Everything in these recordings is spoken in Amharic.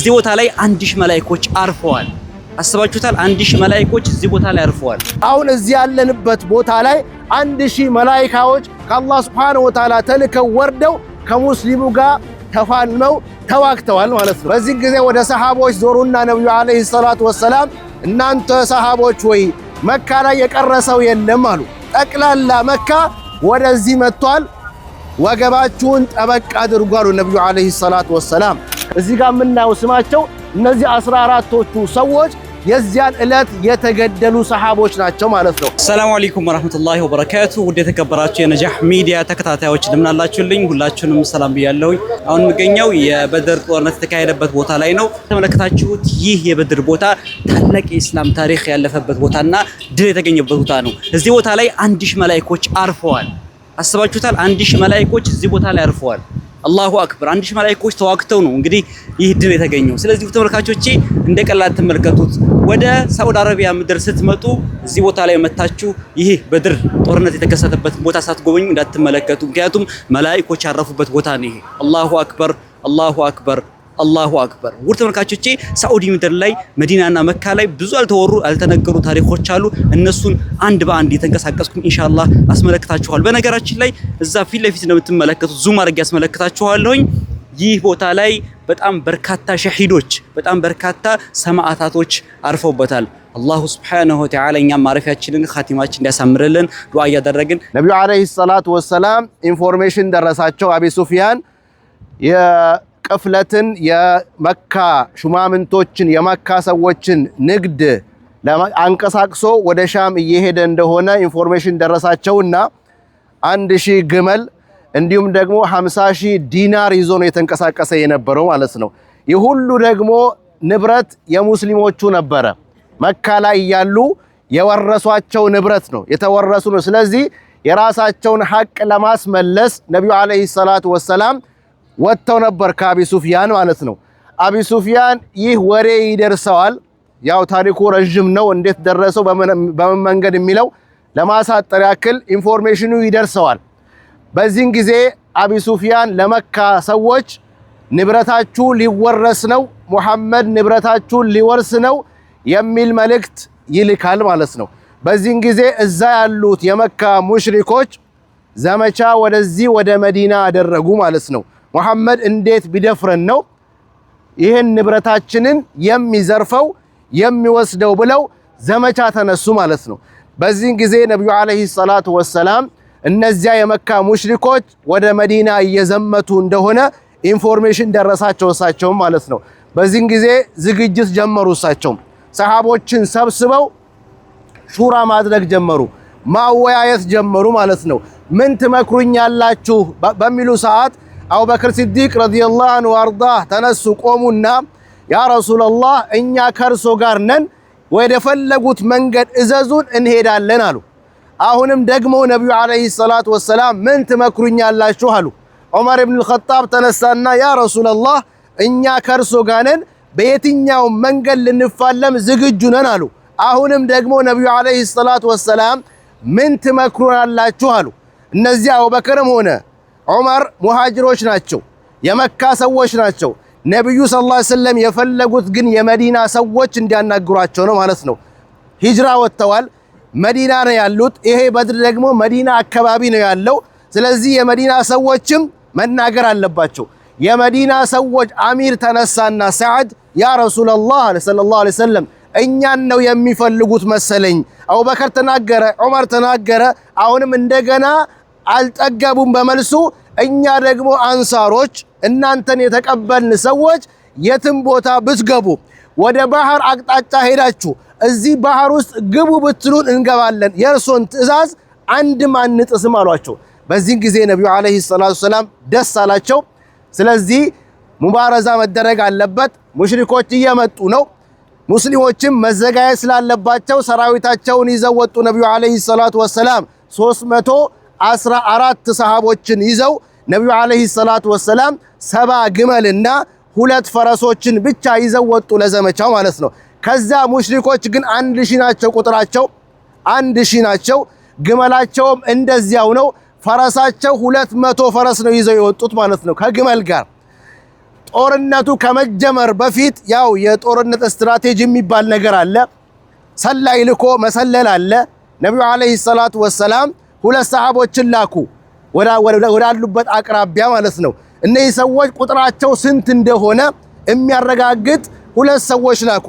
እዚህ ቦታ ላይ አንድ ሺህ መላይኮች አርፈዋል። አስባችሁታል? አንድ ሺህ መላይኮች እዚህ ቦታ ላይ አርፈዋል። አሁን እዚህ ያለንበት ቦታ ላይ አንድ ሺህ መላይካዎች ከአላህ ሱብሓነሁ ወተዓላ ተልከው ወርደው ከሙስሊሙ ጋር ተፋልመው ተዋግተዋል ማለት ነው። በዚህ ጊዜ ወደ ሰሃቦች ዞሩና ነብዩ አለይሂ ሰላቱ ወሰላም እናንተ ሰሃቦች ወይ መካ ላይ የቀረሰው የለም አሉ። ጠቅላላ መካ ወደዚህ መጥቷል፣ ወገባችሁን ጠበቅ አድርጓሉ ነብዩ አለይሂ ሰላቱ ወሰላም እዚህ ጋር የምናየው ስማቸው እነዚህ አስራ አራቶቹ ሰዎች የዚያን ዕለት የተገደሉ ሰሃቦች ናቸው ማለት ነው። ሰላሙ አለይኩም ወራህመቱላሂ ወበረካቱ። ውድ የተከበራችሁ የነጃህ ሚዲያ ተከታታዮች እንደምናላችሁልኝ፣ ሁላችሁንም ሰላም ብያለሁኝ። አሁን የሚገኘው የበድር ጦርነት የተካሄደበት ቦታ ላይ ነው። ተመለከታችሁት፣ ይህ የበድር ቦታ ታላቅ የእስላም ታሪክ ያለፈበት ቦታና ድል የተገኘበት ቦታ ነው። እዚህ ቦታ ላይ አንድ ሺህ መላይኮች አርፈዋል። አስባችሁታል? አንድ ሺህ መላይኮች እዚህ ቦታ ላይ አርፈዋል። አላሁ አክበር አንድ ሺህ መላእክቶች ተዋግተው ነው እንግዲህ ይህ ድል የተገኘው። ስለዚህ ተመልካቾቼ እንደ ቀላል ትመልከቱት። ወደ ሳዑዲ አረቢያ ምድር ስትመጡ እዚህ ቦታ ላይ መታችሁ ይህ በድር ጦርነት የተከሰተበት ቦታ ሳትጎበኙ እንዳትመለከቱ። ምክንያቱም መላእክቶች ያረፉበት ቦታ ነው ይሄ። አላሁ አክበር አላሁ አክበር አላሁ አክበር። ውድ ተመልካቾቼ ሳዑዲ ምድር ላይ መዲናና መካ ላይ ብዙ አልተወሩ ያልተነገሩ ታሪኮች አሉ። እነሱን አንድ በአንድ የተንቀሳቀስኩም ኢንሻአላህ አስመለክታችኋል። በነገራችን ላይ እዛ ፊት ለፊት እንደምትመለከቱት ዙም አድርጌ ያስመለክታችኋለሁኝ። ይህ ቦታ ላይ በጣም በርካታ ሸሂዶች በጣም በርካታ ሰማዕታቶች አርፈውበታል። አላሁ ስብሓነሁ ወተዓላ እኛም ማረፊያችንን ኻቲማችን እንዲያሳምርልን ዱዓ እያደረግን ነቢዩ ዓለይሂ ሰላቱ ወሰላም ኢንፎርሜሽን ደረሳቸው አቢ ሱፊያን ቅፍለትን የመካ ሹማምንቶችን የመካ ሰዎችን ንግድ አንቀሳቅሶ ወደ ሻም እየሄደ እንደሆነ ኢንፎርሜሽን ደረሳቸውና አንድ ሺህ ግመል እንዲሁም ደግሞ ሃምሳ ሺህ ዲናር ይዞ ነው የተንቀሳቀሰ የነበረው ማለት ነው። ይህ ሁሉ ደግሞ ንብረት የሙስሊሞቹ ነበረ። መካ ላይ እያሉ የወረሷቸው ንብረት ነው የተወረሱ ነው። ስለዚህ የራሳቸውን ሀቅ ለማስመለስ ነቢዩ ዓለይሂ ሰላቱ ወሰላም ወጥተው ነበር ከአቢ ሱፊያን ማለት ነው። አቢ ሱፊያን ይህ ወሬ ይደርሰዋል። ያው ታሪኩ ረዥም ነው። እንዴት ደረሰው በምን መንገድ የሚለው ለማሳጠር ያክል ኢንፎርሜሽኑ ይደርሰዋል። በዚህን ጊዜ አቢ ሱፊያን ለመካ ሰዎች ንብረታችሁ ሊወረስ ነው፣ ሙሐመድ ንብረታችሁን ሊወርስ ነው የሚል መልእክት ይልካል ማለት ነው። በዚህን ጊዜ እዛ ያሉት የመካ ሙሽሪኮች ዘመቻ ወደዚህ ወደ መዲና አደረጉ ማለት ነው። መሐመድ እንዴት ቢደፍረን ነው ይህን ንብረታችንን የሚዘርፈው የሚወስደው ብለው ዘመቻ ተነሱ ማለት ነው። በዚህን ጊዜ ነቢዩ ዓለይሂ ሰላቱ ወሰላም እነዚያ የመካ ሙሽሪኮች ወደ መዲና እየዘመቱ እንደሆነ ኢንፎርሜሽን ደረሳቸው እሳቸውም ማለት ነው። በዚህን ጊዜ ዝግጅት ጀመሩ። እሳቸውም ሰሃቦችን ሰብስበው ሹራ ማድረግ ጀመሩ፣ ማወያየት ጀመሩ ማለት ነው። ምን ትመክሩኛላችሁ በሚሉ ሰዓት አቡበክር ሲዲቅ ረዲየላሁ አንሁ አርዳህ ተነሱ፣ ቆሙና ያ ረሱለላህ እኛ ከእርሶ ጋር ነን፣ ወደፈለጉት መንገድ እዘዙን እንሄዳለን አሉ። አሁንም ደግሞ ነቢዩ ዓለይሂ ሰላቱ ወሰላም ምን ትመክሩኛላችሁ አሉ። ዑመር ኢብኑ አልኸጣብ ተነሳና ያ ረሱለላህ እኛ ከእርሶ ጋር ነን፣ በየትኛው መንገድ ልንፋለም ዝግጁ ነን አሉ። አሁንም ደግሞ ነቢዩ ዓለይሂ ሰላቱ ወሰላም ምን ትመክሩናላችሁ አሉ። እነዚህ አቡበክርም ሆነ ዑመር ሙሃጅሮች ናቸው፣ የመካ ሰዎች ናቸው። ነቢዩ ሰለላሁ ዐለይሂ ወሰለም የፈለጉት ግን የመዲና ሰዎች እንዲያናግሯቸው ነው ማለት ነው። ሂጅራ ወጥተዋል፣ መዲና ነው ያሉት። ይሄ በድር ደግሞ መዲና አካባቢ ነው ያለው። ስለዚህ የመዲና ሰዎችም መናገር አለባቸው። የመዲና ሰዎች አሚር ተነሳና ሰዓድ ያ ረሱለላህ ሰለላሁ ዐለይሂ ወሰለም እኛን ነው የሚፈልጉት መሰለኝ። አቡበከር ተናገረ፣ ዑመር ተናገረ። አሁንም እንደገና አልጠገቡም በመልሱ እኛ ደግሞ አንሳሮች እናንተን የተቀበልን ሰዎች የትም ቦታ ብትገቡ ወደ ባህር አቅጣጫ ሄዳችሁ እዚህ ባህር ውስጥ ግቡ ብትሉን እንገባለን፣ የእርሶን ትዕዛዝ አንድም አንጥስም አሏቸው። በዚህ ጊዜ ነቢዩ ዓለይሂ ሰላቱ ሰላም ደስ አላቸው። ስለዚህ ሙባረዛ መደረግ አለበት። ሙሽሪኮች እየመጡ ነው። ሙስሊሞችም መዘጋየት ስላለባቸው ሰራዊታቸውን ይዘው ወጡ። ነቢዩ ዓለይሂ ሰላቱ ወሰላም ሶስት መቶ አስራ አራት ሰሃቦችን ይዘው ነቢዩ ዓለይሂ ሰላቱ ወሰላም ሰባ ግመልና ሁለት ፈረሶችን ብቻ ይዘው ወጡ ለዘመቻው ማለት ነው። ከዛ ሙሽሪኮች ግን አንድ ሺ ናቸው፣ ቁጥራቸው አንድ ሺ ናቸው። ግመላቸውም እንደዚያው ነው። ፈረሳቸው ሁለት መቶ ፈረስ ነው ይዘው የወጡት ማለት ነው ከግመል ጋር። ጦርነቱ ከመጀመር በፊት ያው የጦርነት ስትራቴጂ የሚባል ነገር አለ። ሰላይ ልኮ መሰለል አለ። ነቢዩ ዓለይሂ ሰላቱ ወሰላም ሁለት ሰሃቦችን ላኩ ወዳሉበት አቅራቢያ ማለት ነው። እነዚህ ሰዎች ቁጥራቸው ስንት እንደሆነ የሚያረጋግጥ ሁለት ሰዎች ላኩ።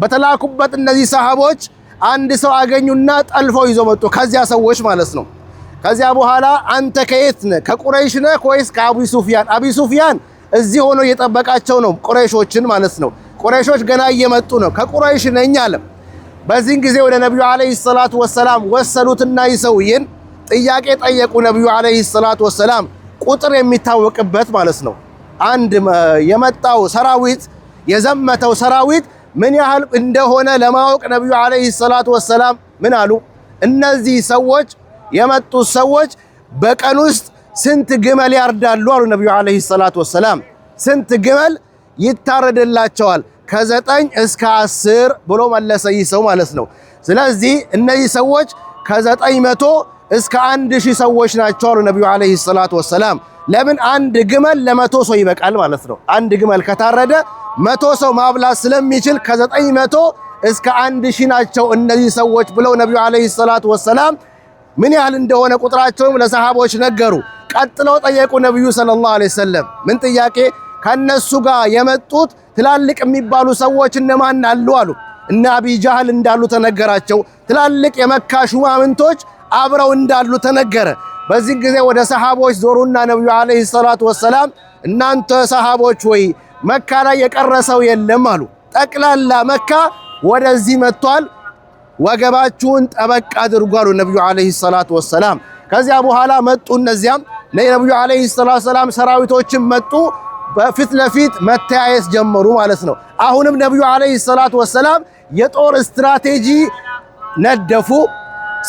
በተላኩበት እነዚህ ሰሃቦች አንድ ሰው አገኙና ጠልፈው ይዞ መጡ። ከዚያ ሰዎች ማለት ነው። ከዚያ በኋላ አንተ ከየት ነህ? ከቁረይሽ ነህ ወይስ ከአቡ ሱፊያን? አቡ ሱፊያን እዚህ ሆኖ እየጠበቃቸው ነው፣ ቁረይሾችን ማለት ነው። ቁረይሾች ገና እየመጡ ነው። ከቁረይሽ ነኝ አለ። በዚህን ጊዜ ወደ ነቢዩ አለይሂ ሰላቱ ወሰላም ወሰሉትና ይሰውየን ጥያቄ ጠየቁ ነቢዩ አለይሂ ሰላቱ ወሰላም ቁጥር የሚታወቅበት ማለት ነው። አንድ የመጣው ሰራዊት የዘመተው ሰራዊት ምን ያህል እንደሆነ ለማወቅ ነቢዩ አለይሂ ሰላቱ ወሰላም ምን አሉ? እነዚህ ሰዎች የመጡት ሰዎች በቀን ውስጥ ስንት ግመል ያርዳሉ? አሉ ነቢዩ አለይሂ ሰላቱ ወሰላም። ስንት ግመል ይታረድላቸዋል? ከዘጠኝ እስከ አስር ብሎ መለሰ ይህ ሰው ማለት ነው። ስለዚህ እነዚህ ሰዎች ከዘጠኝ መቶ እስከ አንድ ሺህ ሰዎች ናቸው አሉ ነቢዩ ዓለይሂ ሰላቱ ወሰላም። ለምን አንድ ግመል ለመቶ ሰው ይበቃል ማለት ነው። አንድ ግመል ከታረደ መቶ ሰው ማብላት ስለሚችል ከዘጠኝ መቶ እስከ አንድ ሺህ ናቸው እነዚህ ሰዎች ብለው ነቢዩ ዓለይሂ ሰላቱ ወሰላም ምን ያህል እንደሆነ ቁጥራቸውም ለሰሃቦች ነገሩ። ቀጥለው ጠየቁ ነቢዩ ሰለላሁ ዓለይሂ ወሰለም ምን ጥያቄ? ከነሱ ጋር የመጡት ትላልቅ የሚባሉ ሰዎች እነማን አሉ አሉ። እነ አቢ ጃህል እንዳሉ ተነገራቸው። ትላልቅ የመካ ሹማምንቶች አብረው እንዳሉ ተነገረ። በዚህ ጊዜ ወደ ሰሃቦች ዞሩና ነቢዩ ዓለይሂ ሰላቱ ወሰላም እናንተ ሰሃቦች ወይ መካ ላይ የቀረሰው የለም አሉ። ጠቅላላ መካ ወደዚህ መጥቷል። ወገባችሁን ጠበቅ አድርጉ አሉ ነቢዩ ዓለይሂ ሰላቱ ወሰላም። ከዚያ በኋላ መጡ። እነዚያም ነቢዩ ዓለይሂ ሰላቱ ወሰላም ሰራዊቶችን መጡ። በፊት ለፊት መተያየት ጀመሩ ማለት ነው። አሁንም ነቢዩ ዓለይሂ ሰላቱ ወሰላም የጦር ስትራቴጂ ነደፉ።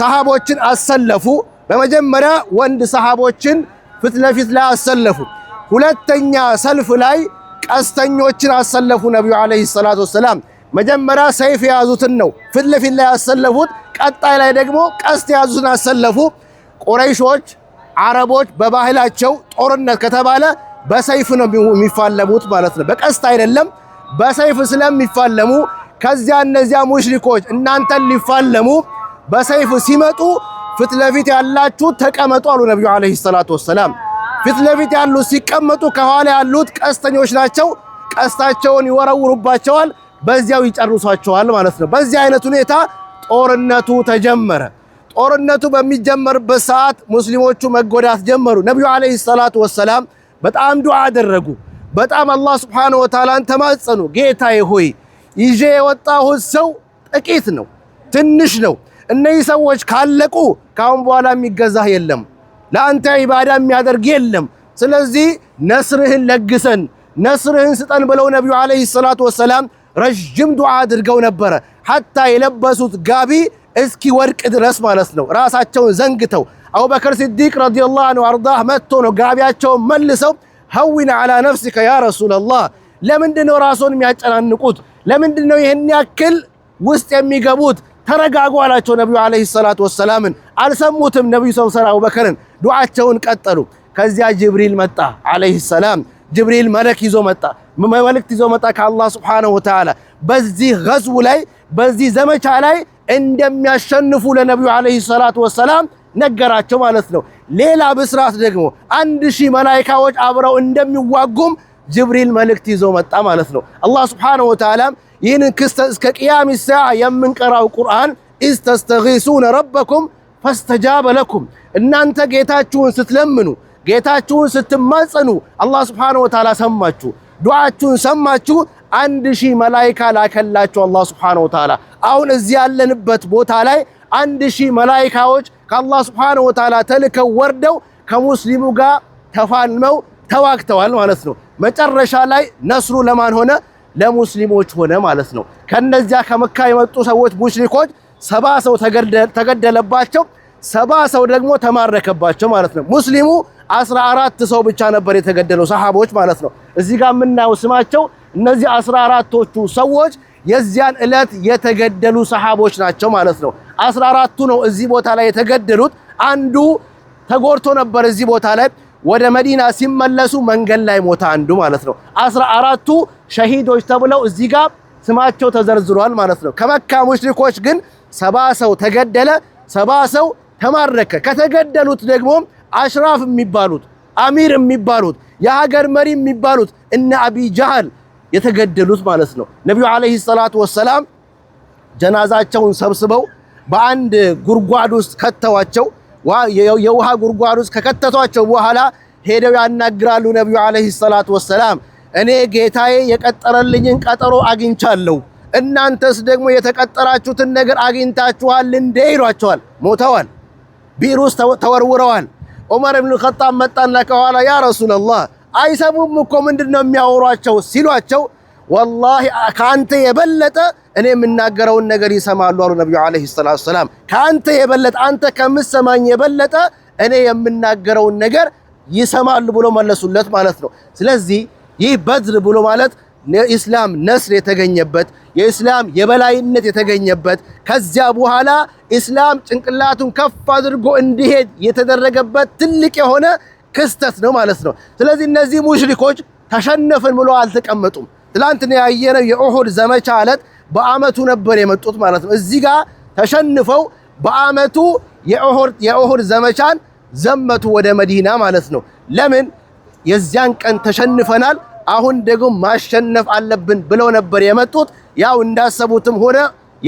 ሰሃቦችን አሰለፉ። በመጀመሪያ ወንድ ሰሃቦችን ፊት ለፊት ላይ አሰለፉ። ሁለተኛ ሰልፍ ላይ ቀስተኞችን አሰለፉ። ነቢዩ ዓለይሂ ሰላቱ ወሰላም መጀመሪያ ሰይፍ የያዙትን ነው ፊት ለፊት ላይ ያሰለፉት። ቀጣይ ላይ ደግሞ ቀስት የያዙትን አሰለፉ። ቁረይሾች፣ አረቦች በባህላቸው ጦርነት ከተባለ በሰይፍ ነው የሚፋለሙት ማለት ነው። በቀስት አይደለም፣ በሰይፍ ስለሚፋለሙ ከዚያ እነዚያ ሙሽሪኮች እናንተን ሊፋለሙ በሰይፍ ሲመጡ ፊት ለፊት ያላችሁ ተቀመጡ አሉ ነብዩ አለይሂ ሰላቱ ወሰላም። ፊት ለፊት ያሉት ሲቀመጡ ከኋላ ያሉት ቀስተኞች ናቸው። ቀስታቸውን ይወረውሩባቸዋል፣ በዚያው ይጨርሷቸዋል ማለት ነው። በዚህ አይነት ሁኔታ ጦርነቱ ተጀመረ። ጦርነቱ በሚጀመርበት ሰዓት ሙስሊሞቹ መጎዳት ጀመሩ። ነብዩ አለይሂ ሰላቱ ወሰላም በጣም ዱዓ አደረጉ። በጣም አላህ ሱብሓነሁ ወተዓላን ተማጸኑ። ጌታዬ ሆይ ይዤ የወጣሁት ሰው ጥቂት ነው፣ ትንሽ ነው እነዚህ ሰዎች ካለቁ ካሁን በኋላ የሚገዛህ የለም፣ ለአንተ ኢባዳ የሚያደርግ የለም። ስለዚህ ነስርህን ለግሰን ነስርህን ስጠን ብለው ነቢዩ ዓለይሂ ሰላቱ ወሰላም ረዥም ዱዓ አድርገው ነበረ። ሐታ የለበሱት ጋቢ እስኪ ወድቅ ድረስ ማለት ነው። ራሳቸውን ዘንግተው አቡበከር ሲዲቅ ረዲየላሁ አንሁ አርዳህ መጥቶ ነው ጋቢያቸውን መልሰው ሀዊን ዐላ ነፍሲከ ያ ረሱለላህ። ለምንድነው ራስዎን የሚያጨናንቁት? ለምንድነው ይህን ያክል ውስጥ የሚገቡት? ተረጋጉ አላቸው ነቢዩ ዓለይሂ ሰላቱ ወሰላምን። አልሰሙትም። ነቢዩ ሰው ሰራ አቡበከርን ዱዓቸውን ቀጠሉ። ከዚያ ጅብሪል መጣ ዓለይሂ ሰላም። ጅብሪል መለክ ይዞ መጣ፣ መልእክት ይዞ መጣ ከአላህ ሱብሓነሁ ወተዓላ በዚህ ገዝው ላይ በዚህ ዘመቻ ላይ እንደሚያሸንፉ ለነቢዩ ዓለይሂ ሰላቱ ወሰላም ነገራቸው ማለት ነው። ሌላ ብስራት ደግሞ አንድ ሺህ መላይካዎች አብረው እንደሚዋጉም ጅብሪል መልእክት ይዞ መጣ ማለት ነው። አላህ ሱብሓነሁ ወተዓላ ይህንን እስከ ቅያም ሰዓ የምንቀራው ቁርአን ኢዝ ተስተጊሱነ ረበኩም ፈስተጃበ ለኩም እናንተ ጌታችሁን ስትለምኑ ጌታችሁን ስትማጸኑ አላህ ስብሓነሁ ወተዓላ ሰማችሁ፣ ዱዓችሁን ሰማችሁ። አንድ ሺህ መላይካ ላከላችሁ አላህ ስብሓነሁ ወተዓላ። አሁን እዚህ ያለንበት ቦታ ላይ አንድ ሺህ መላይካዎች ከአላህ ስብሓነሁ ወተዓላ ተልከው ወርደው ከሙስሊሙ ጋር ተፋልመው ተዋግተዋል ማለት ነው። መጨረሻ ላይ ነስሩ ለማን ሆነ? ለሙስሊሞች ሆነ ማለት ነው። ከነዚያ ከመካ የመጡ ሰዎች ሙሽሪኮች ሰባ ሰው ተገደለባቸው፣ ሰባ ሰው ደግሞ ተማረከባቸው ማለት ነው። ሙስሊሙ አስራ አራት ሰው ብቻ ነበር የተገደለው ሰሃቦች ማለት ነው። እዚህ ጋር የምናየው ስማቸው እነዚህ አስራ አራቶቹ ሰዎች የዚያን ዕለት የተገደሉ ሰሃቦች ናቸው ማለት ነው። አስራ አራቱ ነው እዚህ ቦታ ላይ የተገደሉት። አንዱ ተጎድቶ ነበር እዚህ ቦታ ላይ ወደ መዲና ሲመለሱ መንገድ ላይ ሞተ አንዱ ማለት ነው። አስራ አራቱ ሸሂዶች ተብለው እዚህ ጋር ስማቸው ተዘርዝሯል ማለት ነው። ከመካ ሙሽሪኮች ግን ሰባ ሰው ተገደለ፣ ሰባ ሰው ተማረከ። ከተገደሉት ደግሞ አሽራፍ የሚባሉት አሚር የሚባሉት የሀገር መሪ የሚባሉት እነ አቢ ጃህል የተገደሉት ማለት ነው። ነቢዩ ዓለይሂ ሰላቱ ወሰላም ጀናዛቸውን ሰብስበው በአንድ ጉድጓድ ውስጥ ከተዋቸው። የውሃ ጉርጓድ ውስጥ ከከተቷቸው በኋላ ሄደው ያናግራሉ። ነቢዩ ዓለይሂ ሰላቱ ወሰላም እኔ ጌታዬ የቀጠረልኝን ቀጠሮ አግኝቻለሁ፣ እናንተስ ደግሞ የተቀጠራችሁትን ነገር አግኝታችኋል እንዴ? ይሏቸዋል። ሞተዋል፣ ቢር ውስጥ ተወርውረዋል። ዑመር ብን ኸጣብ መጣና ከኋላ ያ ረሱለላህ አይሰሙም እኮ ምንድን ነው የሚያወሯቸው ሲሏቸው ወላሂ ከአንተ የበለጠ እኔ የምናገረውን ነገር ይሰማሉ አሉ ነቢዩ ዓለይሂ ሰላቱ ወሰላም። ከአንተ የበለጠ አንተ ከምትሰማኝ የበለጠ እኔ የምናገረውን ነገር ይሰማሉ ብሎ መለሱለት ማለት ነው። ስለዚህ ይህ በድር ብሎ ማለት የኢስላም ነስር የተገኘበት የኢስላም የበላይነት የተገኘበት ከዚያ በኋላ ኢስላም ጭንቅላቱን ከፍ አድርጎ እንዲሄድ የተደረገበት ትልቅ የሆነ ክስተት ነው ማለት ነው። ስለዚህ እነዚህ ሙሽሪኮች ተሸነፍን ብሎ አልተቀመጡም። ትላንትና ያየነው የኡሁድ ዘመቻ ዕለት በአመቱ ነበር የመጡት ማለት ነው። እዚህ ጋር ተሸንፈው በአመቱ የኡሁድ ዘመቻን ዘመቱ ወደ መዲና ማለት ነው። ለምን የዚያን ቀን ተሸንፈናል፣ አሁን ደግሞ ማሸነፍ አለብን ብለው ነበር የመጡት። ያው እንዳሰቡትም ሆነ።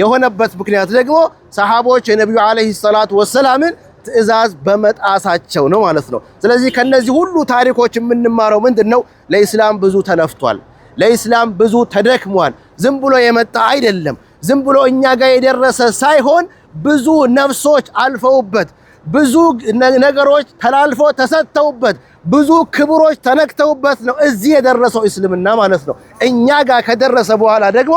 የሆነበት ምክንያት ደግሞ ሰሃቦች የነቢዩ ዓለይሂ ሰላቱ ወሰላምን ትዕዛዝ በመጣሳቸው ነው ማለት ነው። ስለዚህ ከነዚህ ሁሉ ታሪኮች የምንማረው ምንድን ነው? ለኢስላም ብዙ ተለፍቷል። ለኢስላም ብዙ ተደክሟል። ዝም ብሎ የመጣ አይደለም። ዝም ብሎ እኛ ጋር የደረሰ ሳይሆን ብዙ ነፍሶች አልፈውበት፣ ብዙ ነገሮች ተላልፎ ተሰጥተውበት፣ ብዙ ክብሮች ተነክተውበት ነው እዚህ የደረሰው እስልምና ማለት ነው። እኛ ጋር ከደረሰ በኋላ ደግሞ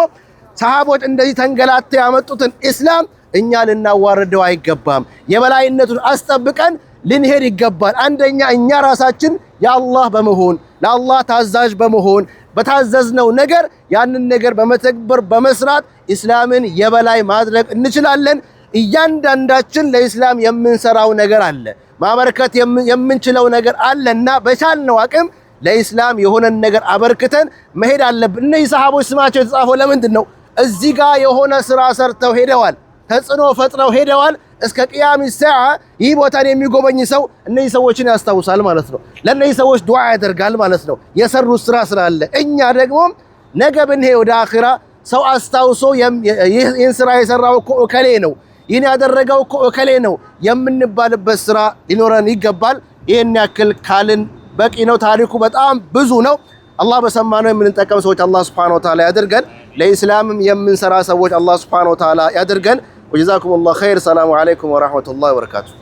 ሰሃቦች እንደዚህ ተንገላተው ያመጡትን እስላም እኛ ልናዋርደው አይገባም። የበላይነቱን አስጠብቀን ልንሄድ ይገባል። አንደኛ እኛ ራሳችን የአላህ በመሆን ለአላህ ታዛዥ በመሆን በታዘዝነው ነገር ያንን ነገር በመተግበር በመስራት ኢስላምን የበላይ ማድረግ እንችላለን። እያንዳንዳችን ለኢስላም የምንሰራው ነገር አለ፣ ማበረከት የምንችለው ነገር አለና በቻልነው አቅም ለኢስላም የሆነን ነገር አበርክተን መሄድ አለብን። እነዚህ ሰሃቦች ስማቸው የተጻፈው ለምንድን ነው? እዚህ ጋር የሆነ ስራ ሰርተው ሄደዋል፣ ተጽዕኖ ፈጥረው ሄደዋል። እስከ ቅያም ሰዓ ይህ ቦታን የሚጎበኝ ሰው እነዚህ ሰዎችን ያስታውሳል ማለት ነው። ለእነዚህ ሰዎች ዱዓ ያደርጋል ማለት ነው። የሰሩት ስራ ስላለ እኛ ደግሞ ነገ ብንሄ ወደ አኺራ ሰው አስታውሶ ይህን ስራ የሰራው እኮ እከሌ ነው፣ ይህን ያደረገው እኮ እከሌ ነው የምንባልበት ስራ ሊኖረን ይገባል። ይህን ያክል ካልን በቂ ነው። ታሪኩ በጣም ብዙ ነው። አላህ ነው የምንጠቀም ሰዎች አላህ ሱብሓነሁ ወተዓላ ያድርገን። ለኢስላምም የምንሰራ ሰዎች አላህ ሱብሓነሁ ወተዓላ ያድርገን። وجزاكم الله خير السلام عليكم ورحمة الله وبركاته